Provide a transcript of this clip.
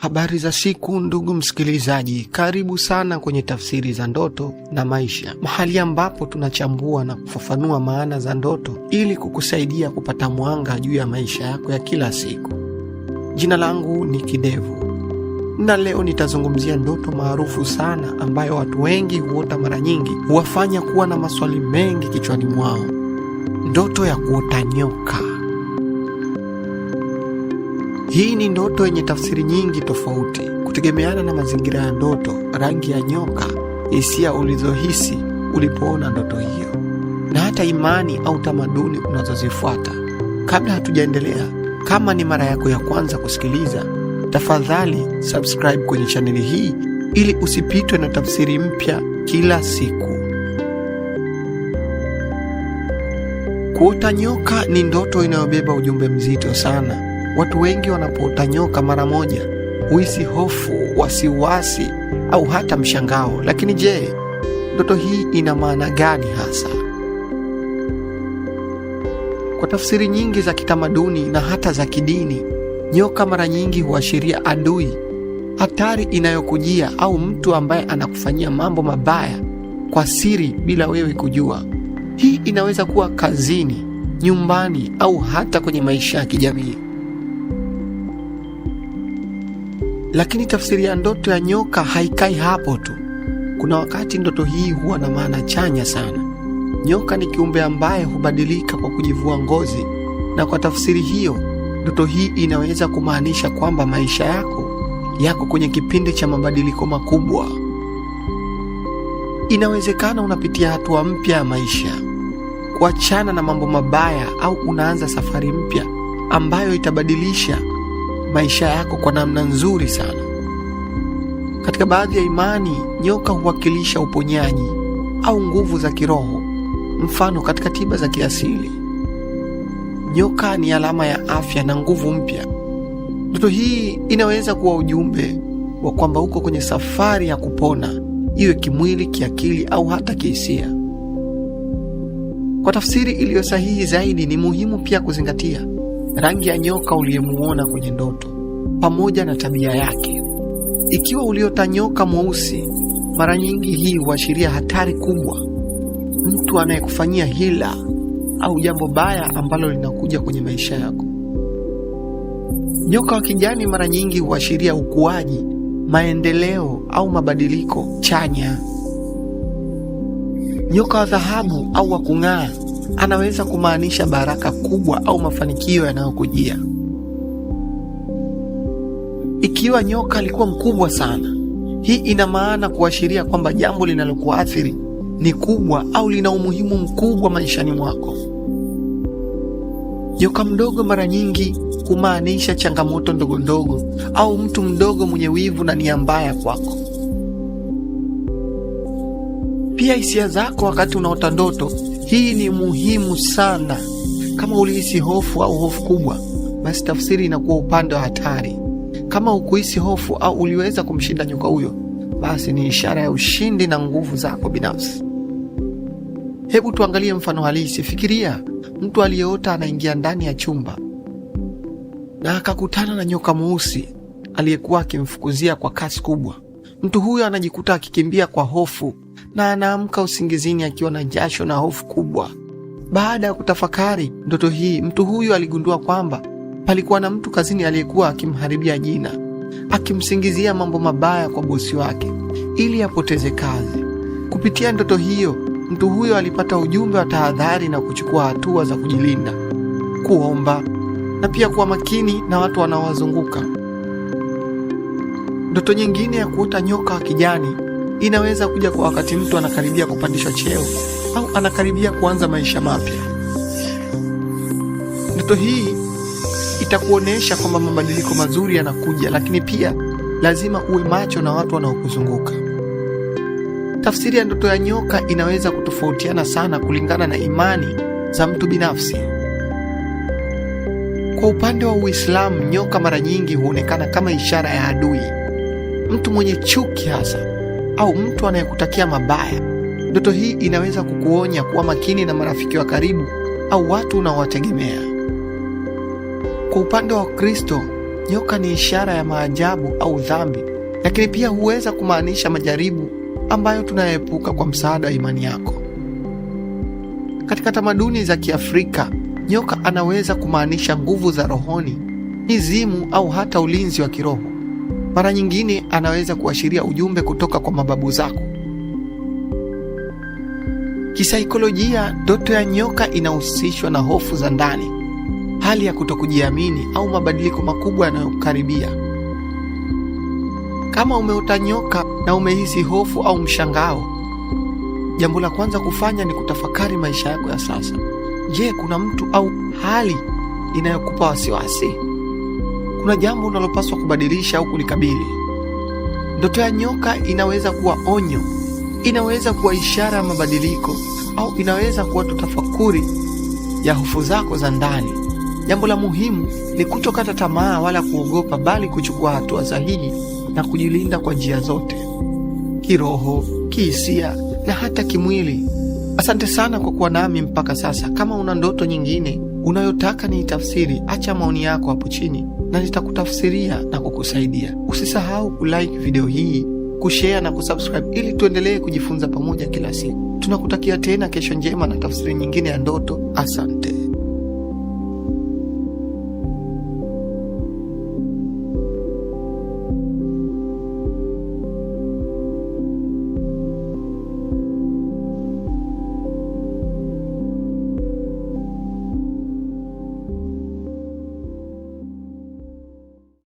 Habari za siku ndugu msikilizaji, karibu sana kwenye tafsiri za ndoto na maisha, mahali ambapo tunachambua na kufafanua maana za ndoto ili kukusaidia kupata mwanga juu ya maisha yako ya kila siku. Jina langu ni Kidevu na leo nitazungumzia ndoto maarufu sana ambayo watu wengi huota mara nyingi, huwafanya kuwa na maswali mengi kichwani mwao, ndoto ya kuota nyoka. Hii ni ndoto yenye tafsiri nyingi tofauti kutegemeana na mazingira ya ndoto, rangi ya nyoka, hisia ulizohisi ulipoona ndoto hiyo, na hata imani au tamaduni unazozifuata. Kabla hatujaendelea, kama ni mara yako ya kwanza kusikiliza, tafadhali subscribe kwenye chaneli hii ili usipitwe na tafsiri mpya kila siku. Kuota nyoka ni ndoto inayobeba ujumbe mzito sana Watu wengi wanapoota nyoka mara moja huhisi hofu, wasiwasi au hata mshangao. Lakini je, ndoto hii ina maana gani hasa? Kwa tafsiri nyingi za kitamaduni na hata za kidini, nyoka mara nyingi huashiria adui, hatari inayokujia au mtu ambaye anakufanyia mambo mabaya kwa siri bila wewe kujua. Hii inaweza kuwa kazini, nyumbani au hata kwenye maisha ya kijamii. Lakini tafsiri ya ndoto ya nyoka haikai hapo tu. Kuna wakati ndoto hii huwa na maana chanya sana. Nyoka ni kiumbe ambaye hubadilika kwa kujivua ngozi, na kwa tafsiri hiyo, ndoto hii inaweza kumaanisha kwamba maisha yako yako kwenye kipindi cha mabadiliko makubwa. Inawezekana unapitia hatua mpya ya maisha, kuachana na mambo mabaya, au unaanza safari mpya ambayo itabadilisha maisha yako kwa namna nzuri sana. Katika baadhi ya imani, nyoka huwakilisha uponyaji au nguvu za kiroho. Mfano, katika tiba za kiasili, nyoka ni alama ya afya na nguvu mpya. Ndoto hii inaweza kuwa ujumbe wa kwamba uko kwenye safari ya kupona, iwe kimwili, kiakili au hata kihisia. Kwa tafsiri iliyo sahihi zaidi, ni muhimu pia kuzingatia rangi ya nyoka uliyemuona kwenye ndoto pamoja na tabia yake. Ikiwa uliota nyoka mweusi, mara nyingi hii huashiria hatari kubwa, mtu anayekufanyia hila au jambo baya ambalo linakuja kwenye maisha yako. Nyoka wa kijani mara nyingi huashiria ukuaji, maendeleo au mabadiliko chanya. Nyoka wa dhahabu au wa kung'aa anaweza kumaanisha baraka kubwa au mafanikio yanayokujia. Ikiwa nyoka alikuwa mkubwa sana, hii ina maana kuashiria kwamba jambo linalokuathiri ni kubwa au lina umuhimu mkubwa maishani mwako. Nyoka mdogo mara nyingi humaanisha changamoto ndogo ndogo au mtu mdogo mwenye wivu na nia mbaya kwako. Pia hisia zako wakati unaota ndoto hii ni muhimu sana. Kama ulihisi hofu au hofu kubwa, basi tafsiri inakuwa upande wa hatari. Kama hukuhisi hofu au uliweza kumshinda nyoka huyo, basi ni ishara ya ushindi na nguvu zako binafsi. Hebu tuangalie mfano halisi. Fikiria mtu aliyeota anaingia ndani ya chumba na akakutana na nyoka mweusi aliyekuwa akimfukuzia kwa kasi kubwa. Mtu huyo anajikuta akikimbia kwa hofu na anaamka usingizini akiwa na jasho na hofu kubwa. Baada ya kutafakari ndoto hii, mtu huyu aligundua kwamba palikuwa na mtu kazini aliyekuwa akimharibia jina, akimsingizia mambo mabaya kwa bosi wake ili apoteze kazi. Kupitia ndoto hiyo, mtu huyo alipata ujumbe wa tahadhari na kuchukua hatua za kujilinda, kuomba na pia kuwa makini na watu wanaowazunguka. Ndoto nyingine ya kuota nyoka wa kijani inaweza kuja kwa wakati mtu anakaribia kupandishwa cheo au anakaribia kuanza maisha mapya. Ndoto hii itakuonesha kwamba mabadiliko mazuri yanakuja, lakini pia lazima uwe macho na watu wanaokuzunguka. Tafsiri ya ndoto ya nyoka inaweza kutofautiana sana kulingana na imani za mtu binafsi. Kwa upande wa Uislamu, nyoka mara nyingi huonekana kama ishara ya adui, mtu mwenye chuki hasa au mtu anayekutakia mabaya. Ndoto hii inaweza kukuonya kuwa makini na marafiki wa karibu au watu unaowategemea. Kwa upande wa Kristo, nyoka ni ishara ya maajabu au dhambi, lakini pia huweza kumaanisha majaribu ambayo tunayaepuka kwa msaada wa imani yako. Katika tamaduni za Kiafrika, nyoka anaweza kumaanisha nguvu za rohoni, mizimu au hata ulinzi wa kiroho. Mara nyingine anaweza kuashiria ujumbe kutoka kwa mababu zako. Kisaikolojia, ndoto ya nyoka inahusishwa na hofu za ndani, hali ya kutokujiamini au mabadiliko makubwa yanayokaribia. Kama umeota nyoka na umehisi hofu au mshangao, jambo la kwanza kufanya ni kutafakari maisha yako ya sasa. Je, kuna mtu au hali inayokupa wasiwasi? kuna jambo unalopaswa kubadilisha au kulikabili. Ndoto ya nyoka inaweza kuwa onyo, inaweza kuwa ishara ya mabadiliko, au inaweza kuwa tutafakuri ya hofu zako za ndani. Jambo la muhimu ni kutokata tamaa wala kuogopa, bali kuchukua hatua sahihi na kujilinda kwa njia zote, kiroho, kihisia na hata kimwili. Asante sana kwa kuwa nami mpaka sasa. Kama una ndoto nyingine unayotaka ni tafsiri acha maoni yako hapo chini na nitakutafsiria na kukusaidia. Usisahau kulike video hii, kushare na kusubscribe ili tuendelee kujifunza pamoja kila siku. Tunakutakia tena kesho njema na tafsiri nyingine ya ndoto. Asante.